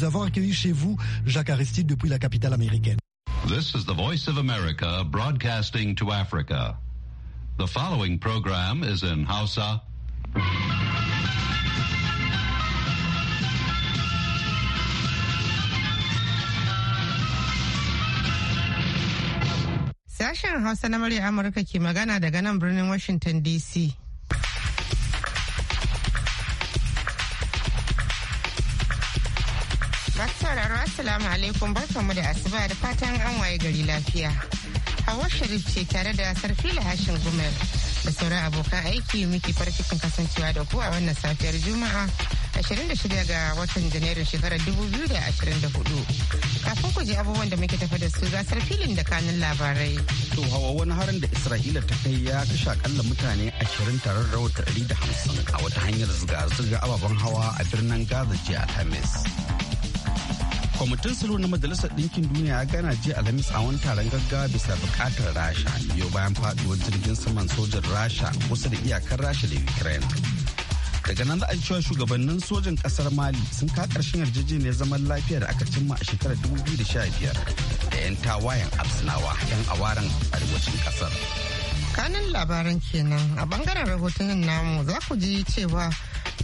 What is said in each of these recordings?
Nous avons accueilli chez vous Jacques Aristide depuis la capitale américaine. This is the Voice of America broadcasting to Africa. The following program is in Hausa. Sashen Hausa na murya Amurka ke magana daga nan birnin Washington DC. Assalamu alaikum mu da asuba da fatan an waye gari lafiya. Hawa Sharif ce tare da Sarfila Hashin Gumel da sauran abokan aiki muke farcikin kasancewa da ku a wannan safiyar Juma'a 26 ga watan Janairun shekarar 2024. Kafin ku ji abubuwan da muke tafi da su ga Sarfilin da kanun labarai. To hawa wani harin da Isra'ila ta kai ya kashe akalla mutane 20 tare da rawar 150 a wata hanyar zuga zuga ababen hawa a birnin Gaza jiya Alhamis. kwamitin salo na majalisar ɗinkin duniya ya gana jiya alhamis a wani taron gaggawa bisa buƙatar rasha yau bayan faduwar jirgin saman sojan rasha kusa da iyakar rasha da ukraine daga nan za a cewa shugabannin sojan kasar mali sun ka ƙarshen yarjejeniyar zaman lafiya da aka cimma a shekarar 2015 da 'yan tawayen absinawa 'yan awaren arewacin kasar. kanan labaran kenan a bangaren rahotannin namu za ku ji cewa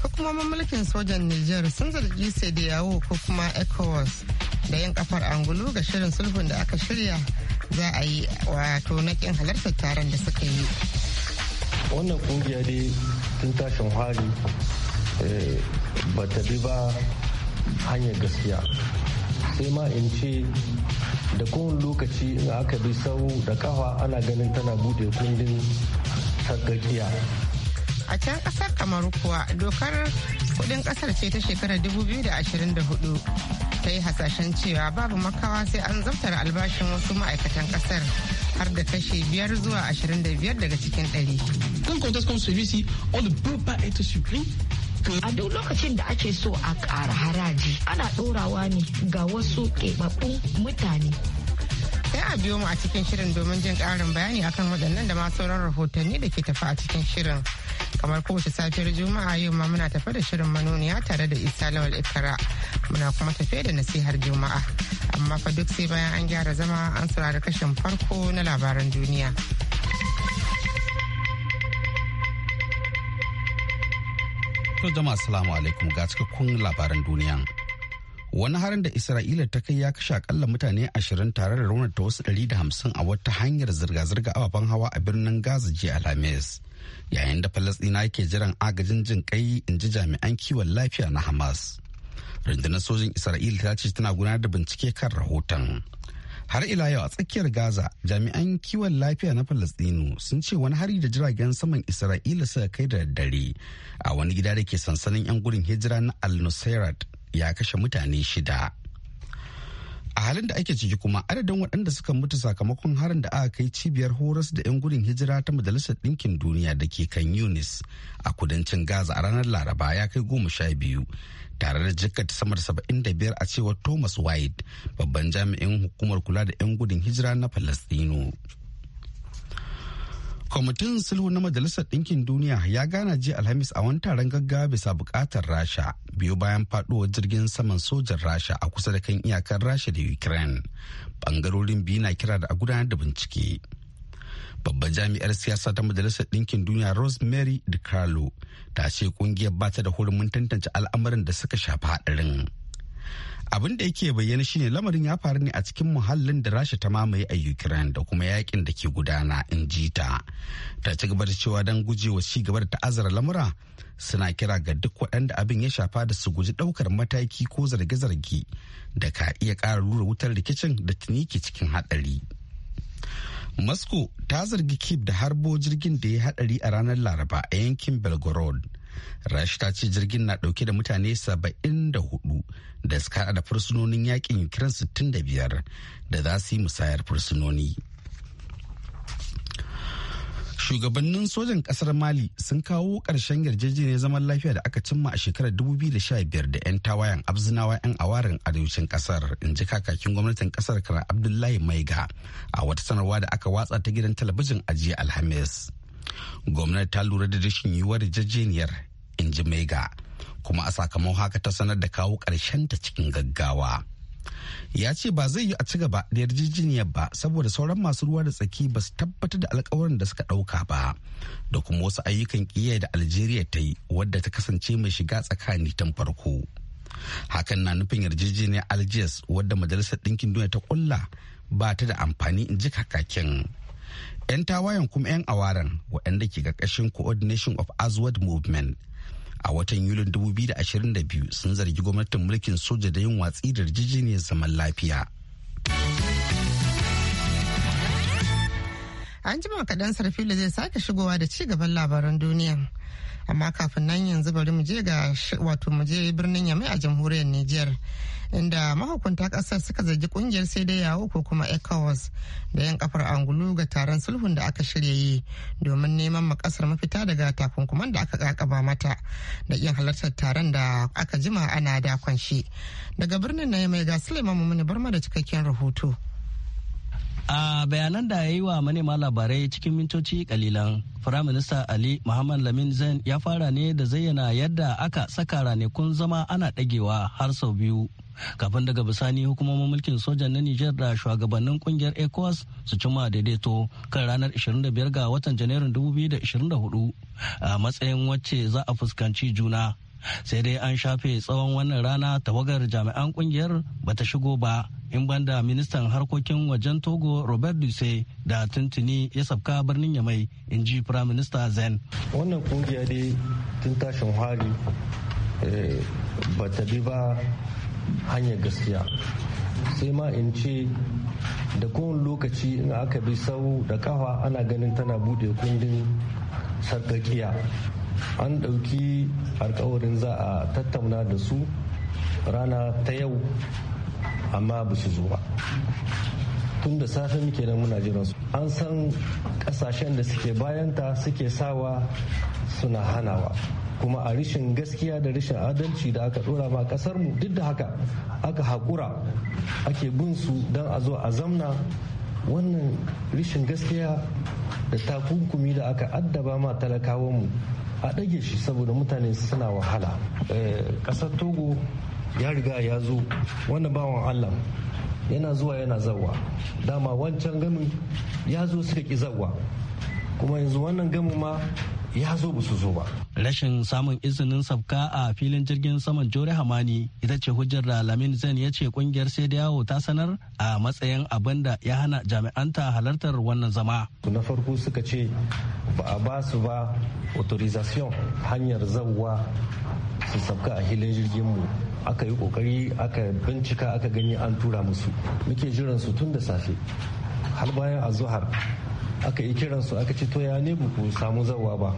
hukumomin mulkin sojan niger sun zargi sai da yawo ko kuma ecowas da yin kafar angulu ga shirin sulhun da aka shirya za a yi wato na kin halartar taron da suka yi wannan kungiya dai tun tashin hari eh, ba ta bi ba hanyar gaskiya sai ma in ce da kowane lokaci in aka bi sau da kafa ana ganin tana bude kundin sarkakiya a can kasar kamaru kuwa dokar kudin kasar ce ta shekarar 2024 ta yi hasashen cewa babu makawa sai an zartar albashin wasu ma'aikatan kasar har da kashe biyar zuwa 25 daga cikin dari. a duk lokacin da ake so a ƙara haraji ana ɗorawa ne ga wasu keɓaɓɓun mutane sai a biyo mu a cikin shirin domin jin ƙarin bayani akan waɗannan da ma sauran rahotanni da ke tafi a cikin shirin kamar kowace safiyar juma'a yau ma muna tafe da shirin manoniya tare da isa lawal ikara muna kuma tafe da nasihar juma'a amma fa duk sai bayan an gyara zama an saurari kashin farko na labaran duniya to jama'a assalamu alaikum ga cikakkun labaran duniya wani harin da isra'ila ta kai ya kashe akalla mutane ashirin tare da raunata wasu ɗari da hamsin a wata hanyar zirga-zirga ababen hawa a birnin gaza jiya alhamis yayin da Falasdina ke jiran agajin jin kai in ji jami'an kiwon lafiya na hamas rundunar sojin isra'ila ta ce tana gudanar da bincike kan rahoton har ila yau a tsakiyar gaza jami'an kiwon lafiya na falastinu sun ce wani hari da jiragen saman isra'ila suka kai da daddare a wani gida da ke sansanin 'yan gudun hijira na al ya kashe mutane shida a halin da ake ciki kuma adadin waɗanda suka mutu sakamakon harin da aka kai cibiyar horas da 'yan gudun hijira ta majalisar ɗinkin duniya da ke kan yunis a kudancin gaza a ranar laraba ya kai goma sha biyu tare da jikkata sama da saba'in da biyar a cewar thomas white babban jami'in hukumar kula da 'yan gudun hijira na falastino kwamitin sulhu na majalisar ɗinkin duniya ya gana jiya alhamis a wani taron gaggawa bisa bukatar rasha biyu bayan faɗuwar jirgin saman sojan rasha a kusa da kan iyakar rasha da ukraine bangarorin biyu na kira da a gudanar da bincike babban jami'ar siyasa ta majalisar ɗinkin duniya rosemary carlo ta ce kungiyar ba ta da hurumin tantance al'amarin da suka shafi haɗarin. abin da yake bayyana shine lamarin ya faru ne a cikin muhallin da rasha ta mamaye a ukraine da kuma yakin da ke gudana in ji ta ta ci gaba da cewa don gujewa ci gaba da ta'azara lamura suna kira ga duk waɗanda abin ya shafa da su guji ɗaukar mataki ko zarge-zarge da ka iya ƙara lura wutar rikicin da tuni ke cikin haɗari moscow ta zargi kiev da harbo jirgin da ya haɗari a ranar laraba a yankin belgorod rashi ta ce jirgin na dauke da mutane 74 da suka da fursunonin yakin ukraine 65 da za su yi musayar fursunoni shugabannin sojan kasar mali sun kawo karshen yarjejeniyar zaman lafiya da aka cimma a shekarar 2015 da 'yan tawayan abzinawa 'yan awarin arewacin kasar in ji kakakin gwamnatin kasar kana abdullahi maiga a wata sanarwa da aka watsa ta gidan talabijin ajiye alhamis gwamnati ta lura da rashin yiwuwar jajjeniyar in ji mega kuma a sakamakon haka ta sanar da kawo karshen ta cikin gaggawa ya ce ba zai yi a ci gaba da yarjejeniyar ba saboda sauran masu ruwa da tsaki ba su tabbatar da alkawarin da suka ɗauka ba da kuma wasu ayyukan kiyaye da algeria ta yi wadda ta kasance mai shiga tsakani tun farko hakan na nufin yarjejeniyar algiers wadda majalisar ɗinkin duniya ta ƙulla ba ta da amfani in ji kakakin 'yan tawayen kuma 'yan awaran waɗanda ke ƙarƙashin coordination of azwad movement a watan yulin 2022 sun zargi gwamnatin mulkin soja da yin watsi da yarjejeniyar zaman lafiya an jima kaɗan sarfila zai sake shigowa da ci gaban labaran duniya amma kafin nan yanzu bari mu je ga wato mu je birnin yamai a jamhuriyar niger inda mahukunta kasar suka zargi kungiyar sai dai yawo ko kuma ecowas da yan kafar angulu ga taron sulhun da aka shirya yi domin neman makasar mafita daga takunkuman da aka kakaba mata da yin halartar taron da aka jima ana dakon shi daga birnin na mai ga suleiman mumuni barma da cikakken rahoto a bayanan da ya yi wa manema labarai cikin mintoci kalilan firaminista ali muhammad lamin zain ya fara ne da zayyana yadda aka saka ranakun zama ana dagewa har sau biyu kafin daga bisani hukumomin mulkin sojan na nijar da shugabannin kungiyar ecowas su cima daidaito kan ranar 25 ga watan janairun 2024 a matsayin wacce za a fuskanci juna sai dai an shafe tsawon wannan rana tawagar jami'an kungiyar bata shigo ba in banda ministan harkokin wajen togo robert duse da tuntuni ya sabka birnin ya mai in ji prime minister zen wannan kungiya dai tun tashin hari eh, bata bi ba hanyar gaskiya sai ma in ce da kowane lokaci in aka bi sau da kafa ana ganin tana bude kundin sarkakiya an ɗauki alkawarin za a tattauna da su rana ta yau amma ba su zuwa tun da safe muke nan muna jiran su an san ƙasashen da suke bayanta suke sawa suna hanawa kuma a rishin gaskiya da rishin adalci da aka ɗora ma kasar mu duk da haka aka haƙura ake bin su don a zo a zamna wannan rishin gaskiya da takunkumi da aka addaba ma talakawanmu a ɗage shi saboda mutane suna wahala eh, ƙasar togo ya riga ya zo wani bawan allah yana zuwa yana zawa dama wancan gamin ya zo suka ki zawa kuma yanzu wannan gamin ma ya zo ba su zo ba. Rashin samun izinin sabka a filin jirgin saman Jore Hamani ita ce hujjar da Lamin Zain ya ce kungiyar sai da yawo ta sanar a matsayin abin da ya hana jami'anta halartar wannan zama. Na farko suka ce ba a ba su ba authorization hanyar zawwa su sabka a filin jirgin mu aka yi kokari aka bincika aka gani an tura musu muke jiran su tun da safe har bayan azuhar aka yi kiran su aka ce to ya ne ku samu zawa ba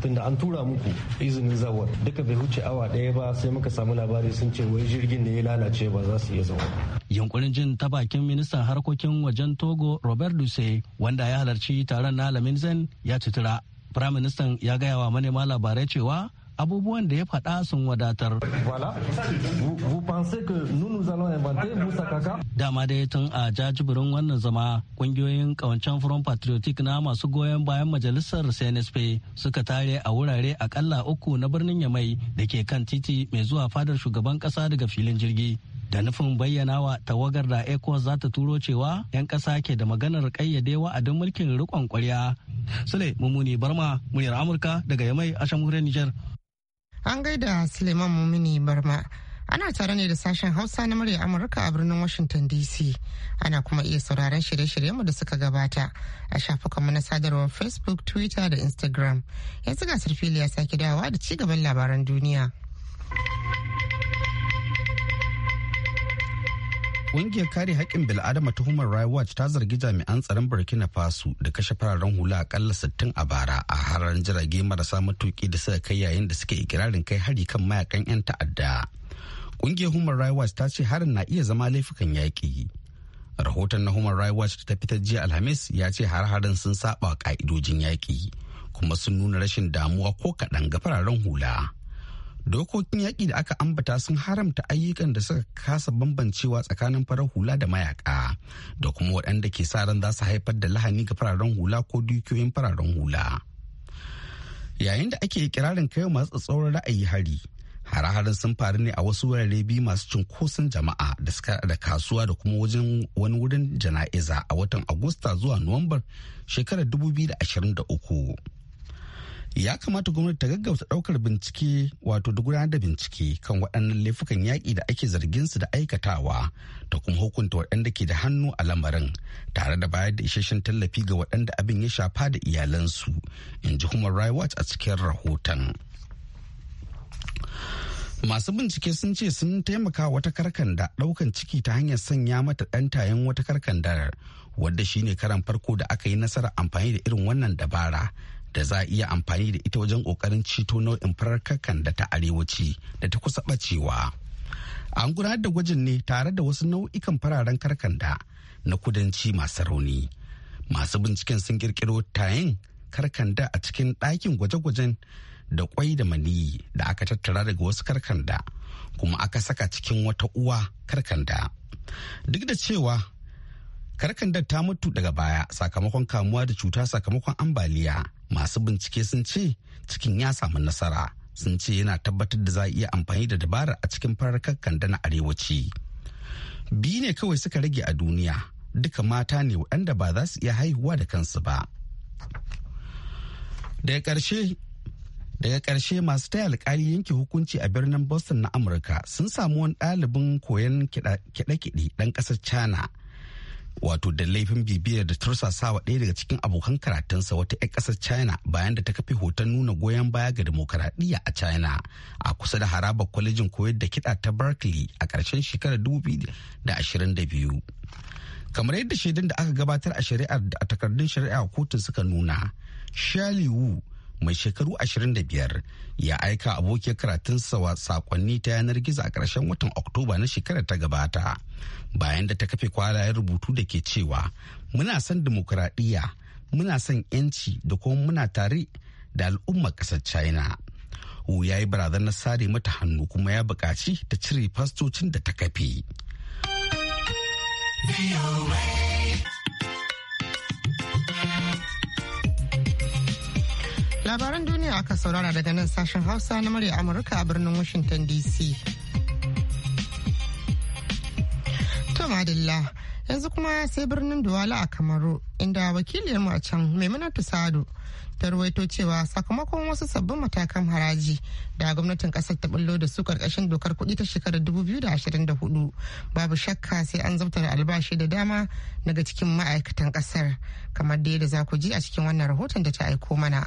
tunda an tura muku izinin zawar duka bai huce awa daya ba sai muka samu labari sun ce wai jirgin ne ya lalace ba za su iya zawa yunkurin jin ta bakin ministan harkokin wajen togo robert duse wanda ya halarci taron na alamin zen ya citira firaministan ya gaya wa manema labarai cewa abubuwan da ya faɗa sun wadatar. Dama dai tun a jajibirin wannan zama ƙungiyoyin ƙawancen Front Patriotic na masu goyon bayan majalisar CNSP suka tare a wurare akalla uku na birnin Yamai da ke kan titi mai zuwa fadar shugaban ƙasa daga filin jirgi. da nufin bayyana wa tawagar da ECOWAS za ta turo cewa 'yan ƙasa ke da maganar ƙayyade don mulkin riƙon ƙwarya. Sule Mumuni Barma, muryar Amurka daga Yamai a jamhuriyar Nijar. An gaida Suleiman Mumuni Barma. Ana tare ne da sashen Hausa na murya Amurka a birnin Washington DC. Ana kuma iya sauraron shirye-shiryenmu da suka gabata a shafukanmu na sadarwar Facebook, Twitter da Instagram. Yanzu ga Sarfili ya sake dawowa da ci gaban labaran duniya. Ƙungiyar kare haƙƙin bil'adama ta Human Rights Watch ta zargi jami'an tsaron Burkina Faso da kashe fararen hula akalla sittin a bara a hararen jirage marasa matuƙi da suka kai yayin da suke ikirarin kai hari kan mayakan 'yan ta'adda. Ƙungiyar Human Rights Watch ta ce harin na iya zama laifukan yaƙi. Rahoton na Human Rights Watch ta fitar jiya Alhamis ya ce har-harin sun saba ƙa'idojin yaƙi kuma sun nuna rashin damuwa ko kaɗan ga fararen hula. dokokin yaƙi da aka ambata sun haramta ayyukan da suka kasa bambancewa tsakanin farar hula da mayaka da kuma waɗanda ke sa ran za su haifar da lahani ga fararen hula ko dukiyoyin fararen hula yayin da ake kirarin kai masu tsauran ra'ayi hari hare-haren sun faru ne a wasu wurare biyu masu cunkoson jama'a da suka da kasuwa da kuma wajen wani wurin jana'iza a watan agusta zuwa nuwambar shekarar dubu da uku. ya kamata gwamnati ta gaggauta daukar bincike wato da gudanar da bincike kan waɗannan laifukan yaƙi da ake zargin su da aikatawa ta kuma hukunta waɗanda ke da hannu a lamarin tare da bayar da isasshen tallafi ga waɗanda abin ya shafa da iyalansu in ji human rights watch a cikin rahoton masu bincike sun ce sun taimaka wata karkanda ɗaukan ciki ta hanyar sanya mata ɗan tayin wata karkandar wadda shine karan farko da aka yi nasarar amfani da irin wannan dabara da za a iya amfani da ita wajen kokarin ceto nau'in farar kakan da ta arewaci da ta kusa ɓacewa. An gudanar da gwajin ne tare da wasu nau'ikan fararen karkanda na kudanci masu rauni. Masu binciken sun kirkiro tayin karkanda a cikin ɗakin gwaje-gwajen da kwai da maniyi da aka tattara daga wasu karkanda kuma aka saka cikin wata uwa karkanda. Duk da cewa karkandar ta mutu daga baya sakamakon kamuwa da cuta sakamakon ambaliya masu bincike sun ce cikin ya samu nasara sun ce yana tabbatar da za a iya amfani da dabara a cikin farar da na arewaci biyu ne kawai suka rage a duniya duka mata ne waɗanda ba za su iya haihuwa da kansu ba daga ƙarshe daga ƙarshe masu taya alkali yanke hukunci a birnin boston na amurka sun samu wani ɗalibin koyon kiɗe-kiɗe ɗan ƙasar china wato da laifin bibiyar da tursasawa ɗaya daga cikin abokan karatunsa wata 'yan ƙasar china bayan da ta kafe hoton nuna goyon baya ga demokaradiyya a china a kusa da harabar kwalejin koyar da kiɗa ta berkeley a ƙarshen shekarar da da ashirin biyu. kamar yadda shaidun da aka gabatar a shari'ar da a takardun shari'a kotun suka nuna Shirley mai shekaru 25 ya aika abokiyar karatunsa wa sakonni ta yanar gizo a ƙarshen watan oktoba na shekarar ta gabata bayan da ta kafe kwalayen rubutu da ke cewa muna son dimokuraɗiyya muna son 'yanci da kuma muna tare da al'ummar ƙasar china wu ya yi barazanar sare mata hannu kuma ya buƙaci ta cire fastocin da ta kafe. labaran duniya aka saurara daga nan sashen hausa na murya amurka a birnin washington dc to madalla yanzu kuma sai birnin duwala a kamaru inda wakiliyarmu a can maimuna sadu ta ruwaito cewa sakamakon wasu sabbin matakan haraji da gwamnatin kasar ta bullo da su karkashin dokar kuɗi ta shekarar 2024 babu shakka sai an zabtar albashi da dama daga cikin ma'aikatan kasar kamar da za ku ji a cikin wannan rahoton da ta aiko mana.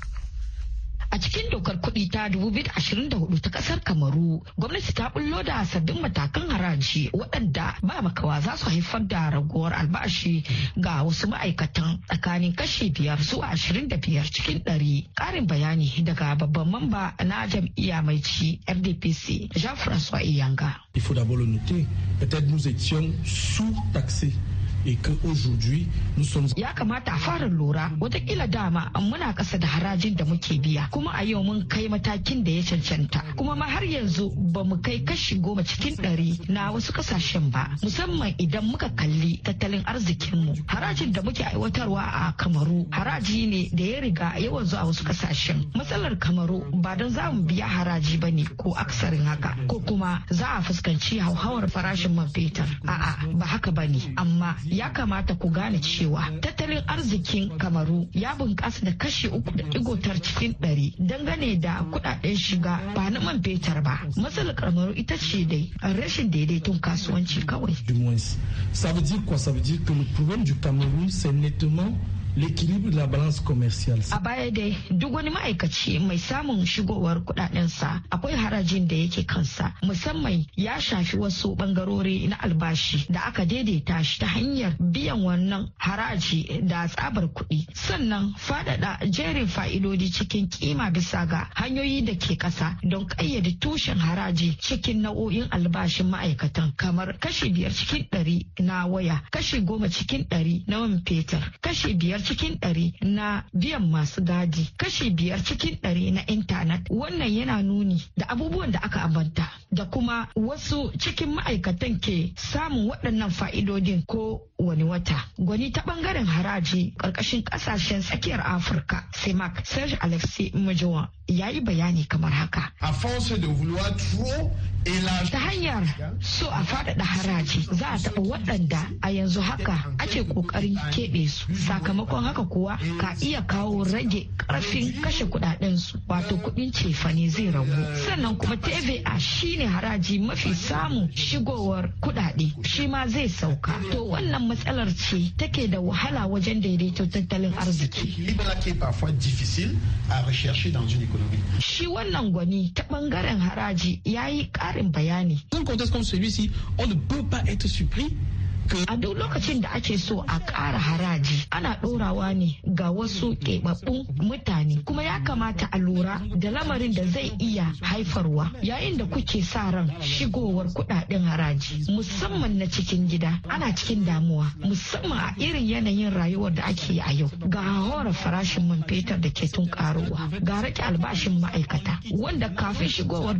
A cikin dokar kuɗi ta 2024 ta ƙasar Kamaru, gwamnati ta bullo da sabbin matakan haraji waɗanda ba makawa za su haifar da raguwar albashi ga wasu ma'aikatan tsakanin kashi biyar zuwa ashirin da biyar cikin ɗari. Ƙarin bayani daga babban mamba na jam'iyya mai ci RDPC Jean-François Iyanga. et qu'aujourd'hui nous sommes ya kamata a fara lura wata watakila dama muna kasa da harajin da muke biya kuma a yau mun kai matakin da ya cancanta kuma ma har yanzu ba mu kai kashi goma cikin ɗari na wasu kasashen ba musamman idan muka kalli tattalin arzikinmu harajin da muke aiwatarwa a kamaru haraji ne da ya riga a wanzu a wasu kasashen matsalar kamaru ba don za mu biya haraji ba ne ko aksarin haka ko kuma za a fuskanci hauhawar farashin man fetur a'a ba haka ba ne amma ya kamata ku gane cewa tattalin arzikin kamaru ya bunƙasa da kashi uku da igotar cikin ɗari dangane da kuɗaɗen shiga ba na man fetur ba matsalar kamaru ita ce dai rashin daidaiton kasuwanci kawai. l'équilibre de la balance commerciale. A baya dai duk wani ma'aikaci mai samun shigowar sa akwai harajin da yake kansa musamman ya shafi wasu bangarori na albashi da aka daidaita shi ta hanyar biyan wannan haraji da tsabar kuɗi sannan faɗaɗa jerin fa'idodi cikin kima bisa ga hanyoyi da ke ƙasa don ƙayyade tushen haraji cikin nau'o'in albashin ma'aikatan kamar kashi biyar cikin ɗari na waya kashi goma cikin ɗari na man fetur kashi biyar cikin ɗari na biyan masu gadi kashi biyar cikin ɗari na intanet wannan yana nuni da abubuwan da aka abanta da kuma wasu cikin ma'aikatan ke samun waɗannan fa'idodin ko wani wata gwani ta ɓangaren haraji ƙarƙashin ƙasashen tsakiyar afirka semak serge alexi majowa ya yi bayani kamar haka ta hanyar so a faɗaɗa haraji za a taɓa waɗanda a yanzu haka ake ƙoƙarin keɓe su sakamakon sakamakon haka kuwa ka iya kawo rage karfin kashe kudaden su wato kudin cefane zai ragu sannan kuma tva shine haraji mafi samun shigowar kudade shi ma zai sauka to wannan matsalar ce take da wahala wajen daidaito tattalin arziki shi wannan gwani ta bangaren haraji ya yi karin bayani. wato a duk lokacin da ake so a ƙara haraji ana ɗorawa ne ga wasu keɓaɓɓun mutane kuma ya kamata a lura da lamarin da zai iya haifarwa yayin da kuke sa ran shigowar kuɗaɗen haraji musamman na cikin gida ana cikin damuwa musamman a irin yanayin rayuwar da ake a yau ga hawara farashin man fetur da ke tun ƙaruwa ga rake albashin ma'aikata wanda kafin shigowar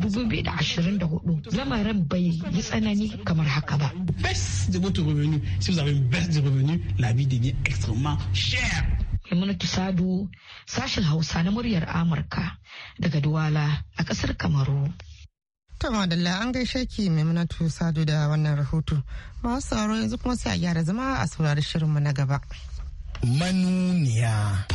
hudu lamarin bai yi tsanani kamar haka ba. revenus. Si vous avez une baisse de revenus, la vie devient extrêmement chère. Sadu, sashen Hausa na muryar Amurka daga Duwala a kasar Kamaru. Ta madalla an gaishe ki Maimunatu Sadu da wannan rahoto. Masu sauro yanzu kuma sai a gyara zama a saurari shirinmu na gaba. Manuniya.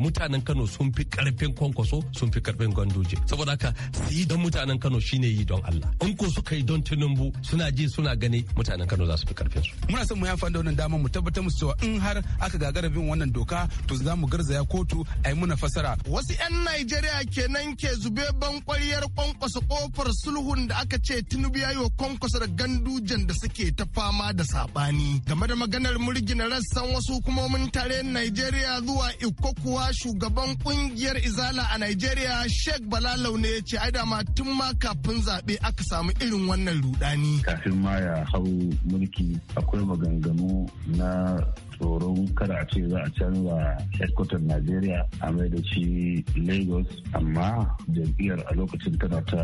mutanen Kano sun fi karfin kwankwaso sun fi karfin gandoje saboda haka su yi don mutanen Kano shine yi don Allah in ko suka yi don Tinubu suna ji suna gani mutanen Kano za su fi karfin su muna son mu ya da wannan damar mu tabbatar musu cewa in har aka gagara bin wannan doka to za mu garzaya kotu a yi muna fasara wasu 'yan Najeriya kenan ke zube ban kwariyar kwankwasa kofar sulhun da aka ce Tinubu ya yi wa kwankwaso da gandujan da suke ta fama da saɓani. game da maganar murgina rassan wasu hukumomin tare Najeriya zuwa Ikokuwa shugaban kungiyar Izala a Nigeria Sheikh Bala Laune ya ce ai ma tun ma kafin zabe aka samu irin wannan rudani. Kafin ma ya hau mulki akwai maganganu na tsoron kada a ce za a canza headquarter najeriya a mai da shi lagos amma jam'iyyar a lokacin tana ta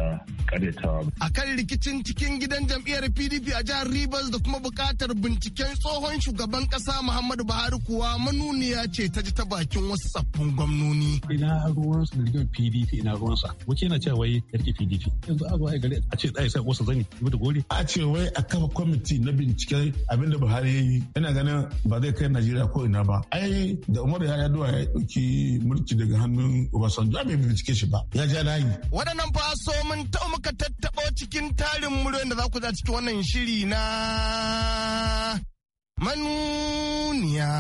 karyatawa a kan rikicin cikin gidan jam'iyyar pdp a jihar rivers da kuma bukatar binciken tsohon shugaban kasa muhammadu buhari kuwa manuniya ce ta ji ta bakin wasu sabbin gwamnoni ina su da rigar pdp ina sa. wace yana cewa wai yarki pdp yanzu a zuwa a gari a ce tsaye sai wasu zani yi da gori a ce wai a kafa kwamiti na binciken abinda buhari ya yi yana ganin ba zai kai kai Najeriya ko ina ba. Ai da Umar ya yaduwa ya ɗauki mulki daga hannun Obasanjo bai bincike shi ba. Ya ja layi. Waɗannan fa so mun taɓa muka tattaɓo cikin tarin muryoyin da za ku za cikin wannan shiri na manuniya.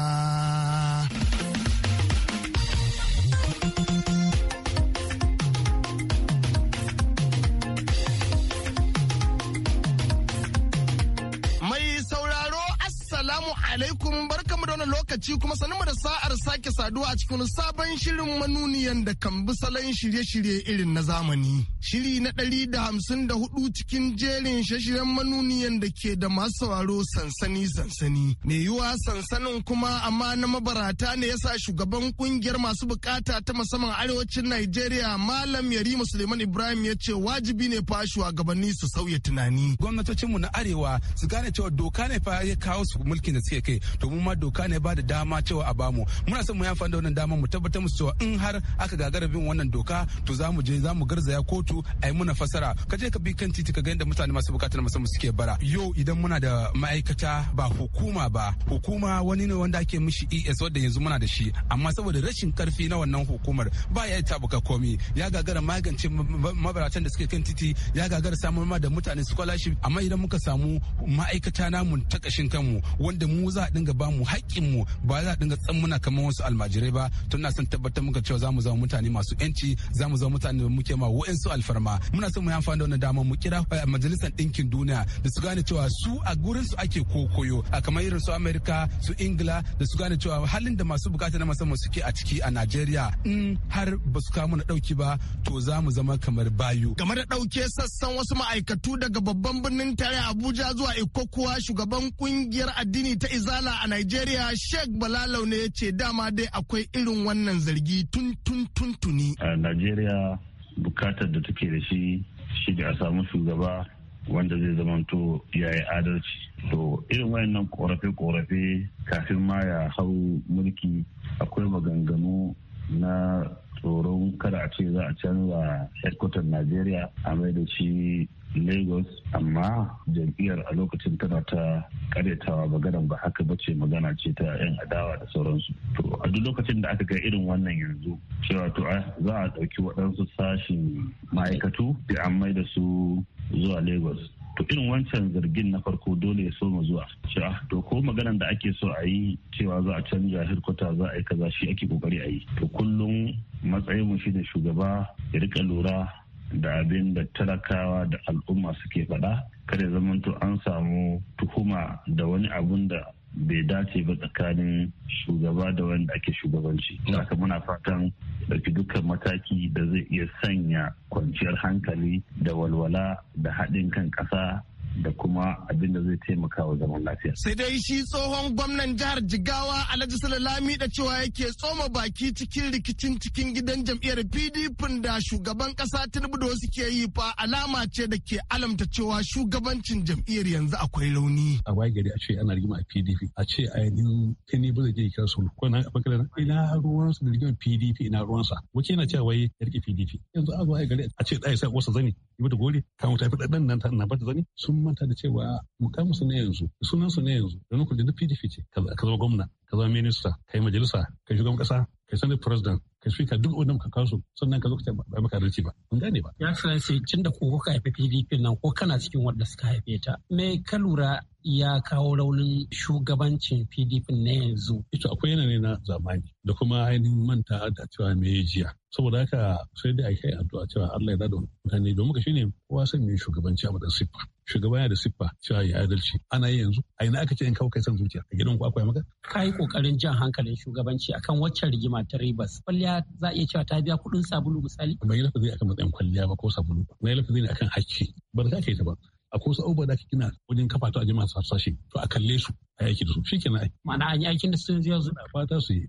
alaikum gama da wannan lokaci kuma sanin mu da sa'ar sake saduwa a cikin sabon shirin manuniyan da kan bi salon shirye-shirye irin na zamani. Shiri na ɗari da hamsin da hudu cikin jerin shashiren manuniyan da ke da masu sauraro sansani-sansani. Me yiwuwa sansanin kuma amma na mabarata ne yasa shugaban kungiyar masu bukata ta musamman arewacin Najeriya Malam Yari Musulman Ibrahim ya ce wajibi ne fa shugabanni su sauya tunani. Gwamnatocinmu na arewa su gane cewa doka ne fa ya kawo su mulkin da suke kai domin ma doka doka ne ba da dama cewa a bamu muna son mu yi amfani da wannan dama mu tabbatar musu cewa in har aka gagara bin wannan doka to za mu je za mu garzaya kotu a yi muna fasara ka je ka bi kan titi ka ga yadda mutane masu bukatar musamman suke bara yau idan muna da ma'aikata ba hukuma ba hukuma wani ne wanda ake mishi es wanda yanzu muna da shi amma saboda rashin karfi na wannan hukumar ba ya yi tabuka komi ya gagara magance mabaratan da suke kan titi ya gagara samun ma da mutane scholarship amma idan muka samu ma'aikata namu ta kashin kanmu wanda mu za a dinga ba haƙƙinmu ba za a dinga muna kamar wasu almajirai ba tun na son tabbatar muka cewa za mu zama mutane masu yanci za mu zama mutane da muke ma wa'insu alfarma muna son mu yi amfani da wannan damar mu kira eh, majalisar ɗinkin duniya da su gane cewa su a gurinsu su ake kokoyo a kamar irin su amerika su ingila da su gane cewa halin da masu bukata na musamman suke a ciki a najeriya in har ba su kawo mana ɗauki ba to za mu zama kamar bayu game da dauke sassan wasu ma'aikatu daga babban birnin tare abuja zuwa ikokuwa shugaban kungiyar addini ta izala a nigeria Najeriya Sheikh Balalau ne ya ce dama dai akwai irin wannan zargi tun tun tun tuni. A Najeriya bukatar da take da shi shi da a samu shugaba wanda zai zamanto ya yi adalci. To irin wayannan korafe-korafe kafin ma ya hau mulki akwai maganganu na tsoron kada a ce za a canza headquarter Najeriya a mai da shi lagos amma jam'iyyar a lokacin tana ta karyatawa magana ba haka ba ce magana ce ta yan adawa da sauransu to a duk lokacin da aka ga irin wannan yanzu cewa to za a ɗauki waɗansu sashin ma'aikatu da an mai da su zuwa lagos to irin wancan zargin na farko dole ya soma zuwa cewa ah, to ko maganan da ake so a yi cewa za a canja hirkuta za a yi kaza shi ake kokari a yi to kullum matsayin mu shine shugaba ya rika lura da abin da talakawa da al'umma suke faɗa kada zamanto an samu tuhuma da wani abun da bai dace ba tsakanin shugaba da wanda ake shugabanci. Haka muna fatan ɗauki dukkan mataki da zai iya sanya kwanciyar hankali da walwala da haɗin kan ƙasa da kuma abin da zai taimaka wa zaman lafiya. Sai dai shi tsohon gwamnan jihar Jigawa Alhaji Salalami da cewa yake tsoma baki cikin rikicin cikin gidan jam'iyyar PDP da shugaban kasa Tinubu da wasu ke yi fa alama ce da ke alamta cewa shugabancin jam'iyyar yanzu akwai rauni. A waye gari a ce ana rigima a PDP a ce a yanzu Tinubu zai je kira sulhu ko na bangaren ina ruwansa da rigimar PDP ina ruwansa wace yana cewa wai ya rike PDP yanzu a waye gari a ce ɗaya sai wasu zani ba da gole ka mu tafi ɗan nan na bata zani sun manta da cewa mukamu su ne yanzu sunan su ne yanzu da nukun da na PDP ce ka zama gwamna ka zama minista kai majalisa kai shugaban kasa kai sanar president ka shirka duk wani ka kasu sannan ka zo ka ba maka adalci ba an gane ba ya sai tun da ko ka haifi PDP nan ko kana cikin wanda suka haife ta me ka lura ya kawo raunin shugabancin PDP na yanzu. Ito akwai yanayi na zamani da kuma ainihin manta da cewa me jiya. Saboda haka sai dai ake addu'a cewa Allah ya dada mutane domin ka shine kowa san me shugabanci a madan siffa. Shugaba yana da siffa cewa ya adalci. Ana yi yanzu a ina aka ce in kawo kai san zuciya a gidan ku akwai maka. Ka yi kokarin jan hankalin shugabanci akan wacce rigima ta Ribas. Kwalliya za a iya cewa ta biya kuɗin sabulu misali. Bai zai akan matsayin kwalliya ba ko sabulu. Mai lafazi zai akan hakki. Ba da ka ta ba. ko wasu abubuwa da ake gina wajen kafa ta a jama'a su hasashe. To a kalle su. a yaki da su shi ke ma'ana an yi aikin da sun ziyarzu na fata su yi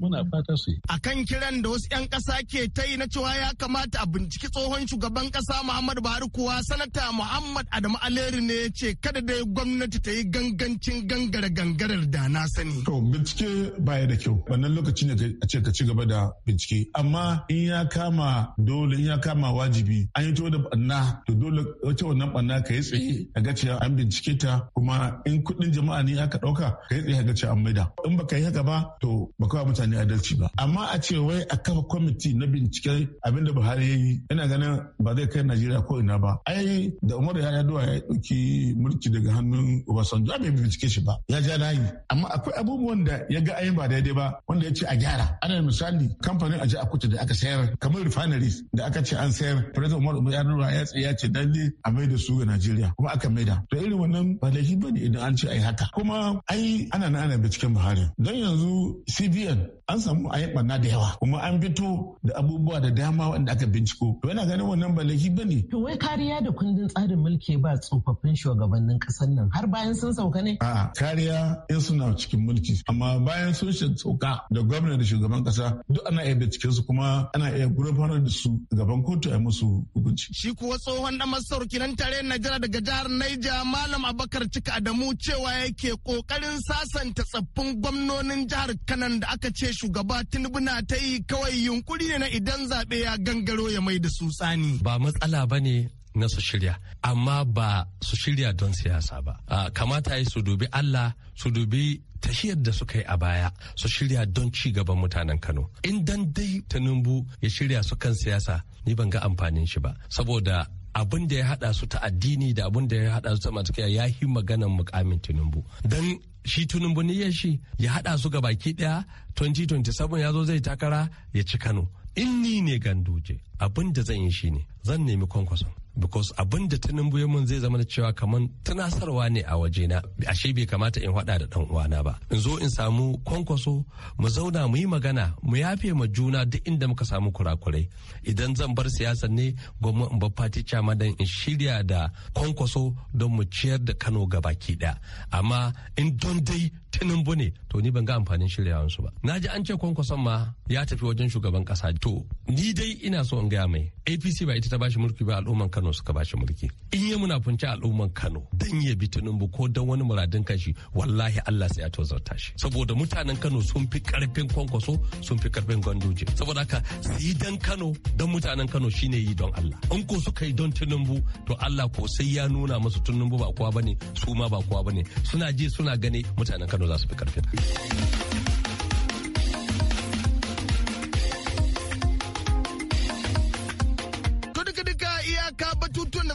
muna fata su yi a kan kiran da wasu 'yan ƙasa ke ta yi na cewa ya kamata a binciki tsohon shugaban ƙasa muhammadu buhari kuwa sanata muhammad adamu aleri ne ya ce kada dai gwamnati ta yi gangancin gangare gangarar da na sani to bincike baya da kyau wannan lokaci ne a ce ka ci gaba da bincike amma in ya kama dole in ya kama wajibi an yi to da banna to dole wata wannan banna ka yi tsaye a ga cewa an bincike ta kuma in kuɗin jama'a ne aka ɗauka kai tsaye ga ce an maida in baka yi haka ba to baka wa mutane adalci ba amma a ce wai a kafa kwamiti na bincike abin da Buhari ya yi ina ganin ba zai kai Najeriya ko ina ba ai da Umar ya yaduwa ya ɗauki mulki daga hannun Obasanjo bai bincike shi ba ya ja layi amma akwai abubuwan da ya ga ayin ba daidai ba wanda ya ce a gyara ana misali kamfanin aji a kuta da aka sayar kamar refineries da aka ce an sayar President Umar Umar ya ya ce dalle a maida su ga Najeriya kuma aka maida to irin wannan ba laifi ne idan an ce ai haka kuma ai ana na ana binciken buhari don yanzu cbn an samu a yi barna da yawa kuma an fito da abubuwa da dama wanda aka binciko to yana ganin wannan ba laifi ne. to wai kariya da kundin tsarin mulki ba tsofaffin shugabannin kasar nan har bayan sun sauka ne a kariya in suna cikin mulki amma bayan sun sauka da gwamna da shugaban kasa duk ana iya binciken su kuma ana iya gurfanar da su gaban kotu a musu hukunci shi kuwa tsohon dan kinan tare Najeriya daga jihar Naija Malam Abakar Cika Adamu cewa yake kokarin sasanta tsaffin gwamnonin jihar Kanan da aka ce shugaba Tinubu na ta yi kawai yunkuri ne na idan zaɓe ya gangaro ya mai da su tsani. Ba matsala ba ne na su shirya amma ba su shirya don siyasa ba kamata yi su dubi allah su dubi tashiyar da suka yi a baya su shirya don ci gaban mutanen kano in dan dai tinubu ya shirya su kan siyasa ni ban ga amfanin shi ba saboda abin da ya hada su ta addini da abin da ya hada su ta matakiya ya yi maganan mukamin tinubu don shi tunubu niyyar shi ya haɗa su ga baki ɗaya 2027 ya zo zai takara ya ci kano in ni ne ganduje abin da zan yi shi ne zan nemi kwankwason because abin da ta ya mun zai zama da cewa kamar tunasarwa ne a waje na ashe bai kamata in hada da dan uwana ba in zo in samu kwankwaso mu zauna mu yi magana mu yafe ma juna duk inda muka samu kurakurai idan zan bar siyasa ne gwamnati in bar fati dan in shirya da kwankwaso don mu ciyar da Kano gabaki daya amma in don dai tinubu ne to ni ban ga amfanin su ba na ji an ce kwankwason ma ya tafi wajen shugaban kasa to ni dai ina so in gaya mai apc ba ita ta bashi mulki ba al'umman kano suka bashi mulki in yi munafunci al'umman kano dan ya bi tinubu ko dan wani muradin kashi wallahi allah sai ya tozarta shi saboda mutanen kano sun fi karfin kwankwaso sun fi karfin ganduje saboda haka su yi dan kano dan mutanen kano shine yi don allah in ko suka yi don tinubu to allah ko sai ya nuna musu tinubu ba kowa bane su ma ba kowa bane suna ji suna gani mutanen kano kano za su fi karfin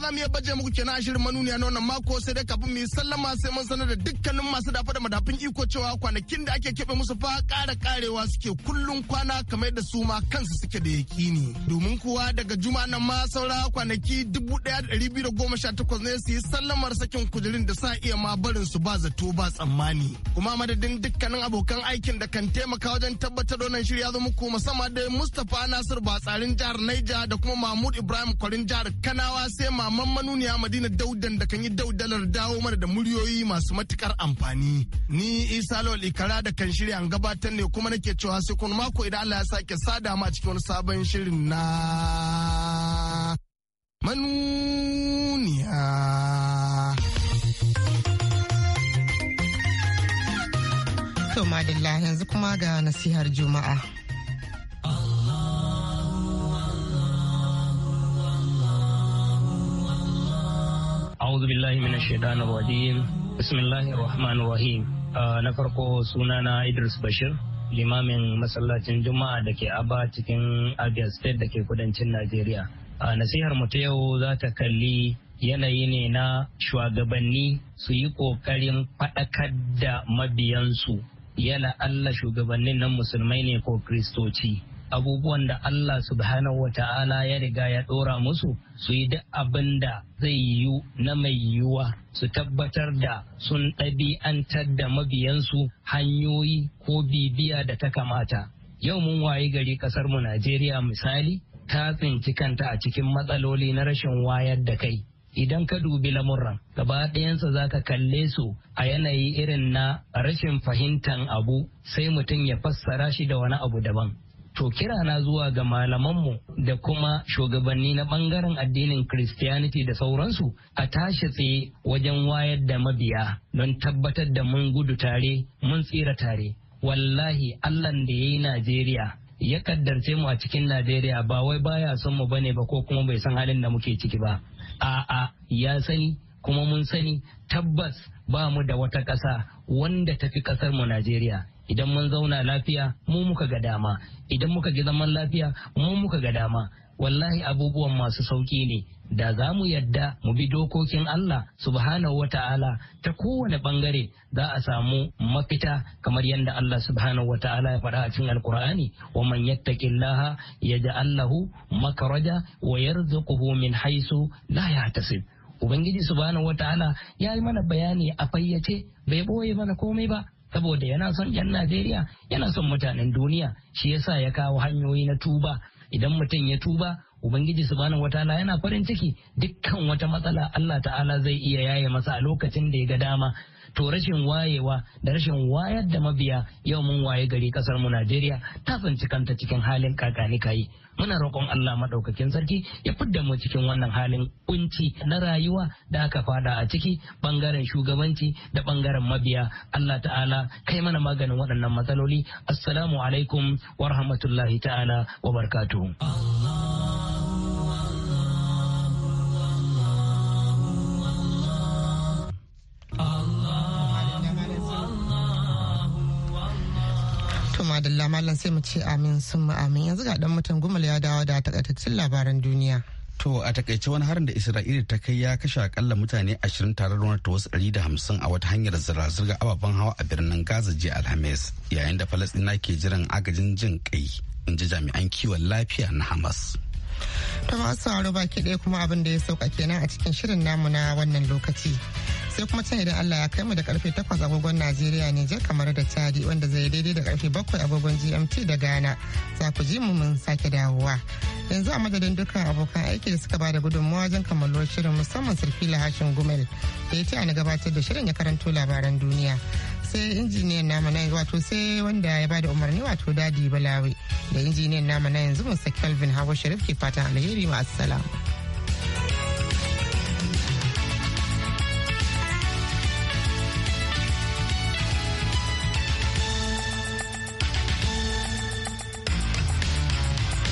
za mu iya baje muku kenan shirin manuniya na wannan mako sai dai kafin mu yi sallama sai mun sanar da dukkanin masu dafa da madafin iko cewa kwanakin da ake keɓe musu fa ƙara ƙarewa suke kullum kwana kamar da su ma kansu suke da yaƙini. Domin kuwa daga juma nan ma saura kwanaki dubu ɗaya da ɗari biyu da goma sha takwas ne su yi sallamar sakin kujerin da sa iya ma barin su ba zato ba tsammani. Kuma madadin dukkanin abokan aikin da kan taimaka wajen tabbatar da wannan shirya zo muku musamman da Mustapha Nasir Batsarin jihar Naija da kuma Mahmud Ibrahim Kwarin jihar Kanawa sai ma amma manuniya madina daudan da kan yi daudalar dawo mana da muryoyi masu matukar amfani ni isa lawal ikara da kan shirya an gabatar ne kuma nake cewa sai kun mako idan allah ya sake sada ma cikin wani sabon shirin na manuniya to madalla yanzu kuma ga nasihar juma'a أعوذ بالله من الشيطان الرجيم بسم الله الرحمن na farko sunana Idris Bashir limamin masallacin Juma'a da ke Aba cikin Abia State da ke kudancin Najeriya. Ah, nasihar mu ta yau za ta kalli yanayi ne na shugabanni su yi ƙoƙarin faɗakar da mabiyansu yana Allah shugabannin nan musulmai ne ko kristoci. abubuwan da Allah subhanahu wa ta'ala ya riga ya ɗora musu su yi duk abin da zai yiwu na mai yiwuwa su tabbatar da sun ɗabi'antar da mabiyansu hanyoyi ko bibiya da ta kamata. Yau mun wayi gari mu Najeriya misali ta tsinci kanta a cikin matsaloli na rashin wayar da kai. idan ka dubi lamurran gaba ɗayansa za ka kalle su a yanayi irin na rashin fahimtan abu sai mutum ya fassara shi da wani abu daban To kira na zuwa ga malamanmu da kuma shugabanni na bangaren addinin Christianity da sauransu a tashi tsaye wajen wayar da mabiya don tabbatar da mun gudu tare mun tsira tare. Wallahi Allahn da ya yi Najeriya ya kaddarce mu a cikin Najeriya ba wai baya son mu bane ba ko kuma bai san halin da muke ciki ba. A'a ya sani kuma mun sani tabbas ba mu da wata ƙasa wanda tafi ƙasar mu Najeriya. idan mun zauna lafiya mu muka ga dama idan muka ga zaman lafiya mu muka ga dama wallahi abubuwan masu sauki ne da za mu yadda mu bi dokokin Allah subhanahu wa ta'ala ta kowane bangare za a samu mafita kamar yadda Allah subhanahu wa ta'ala ya faɗa a cikin alkur'ani wa man yattaqillaha yaj'al lahu makaraja wa yarzuquhu min haisu la yahtasib ubangiji subhanahu wa ta'ala ya yi mana bayani a fayyace bai ɓoye mana komai ba saboda yana son 'yan Najeriya yana son mutanen duniya shi yasa ya kawo hanyoyi na tuba idan mutum ya tuba Ubangiji subhanahu wataala yana farin ciki dukkan wata matsala Allah ta'ala zai iya yaye masa a lokacin da ya ga dama to rashin wayewa da rashin wayar da mabiya yau mun waye gari kasar mu Najeriya ta tsinci kanta cikin halin kakani kayi muna roƙon Allah madaukakin sarki ya fidda mu cikin wannan halin kunci na rayuwa da aka fada a ciki bangaren shugabanci da bangaren mabiya Allah ta'ala kai mana maganin waɗannan matsaloli assalamu alaikum wa rahmatullahi ta'ala wa barkatu. To madalla malam sai mu ce amin sun amin yanzu ga dan mutum gumal ya dawo da takaitaccen labaran duniya. To a takaice wani harin da Isra'ila ta kai ya kashe akalla mutane 20 tare da ta wasu 150 a wata hanyar zira zirga ababen hawa a birnin Gaza jiya Alhamis yayin da Falasɗina ke jiran agajin jin kai in ji jami'an kiwon lafiya na Hamas. To masu baki ɗaya kuma abin da ya sauka kenan a cikin shirin namu na wannan lokaci. sai kuma can idan Allah ya kai mu da karfe 8 agogon Najeriya ne je kamar da tadi wanda zai daidai da karfe 7 agogon GMT da Ghana za ku ji mu mun sake dawowa yanzu a madadin dukkan abokan aiki da suka bada gudunmawa wajen kammaluwar shirin musamman la hashin gumel da ya ce na gabatar da shirin ya karanto labaran duniya sai injiniyan namu na wato sai wanda ya bada umarni wato dadi balawi da injiniyan namu na yanzu musa kelvin hawa sharif ke fatan alheri ma assalamu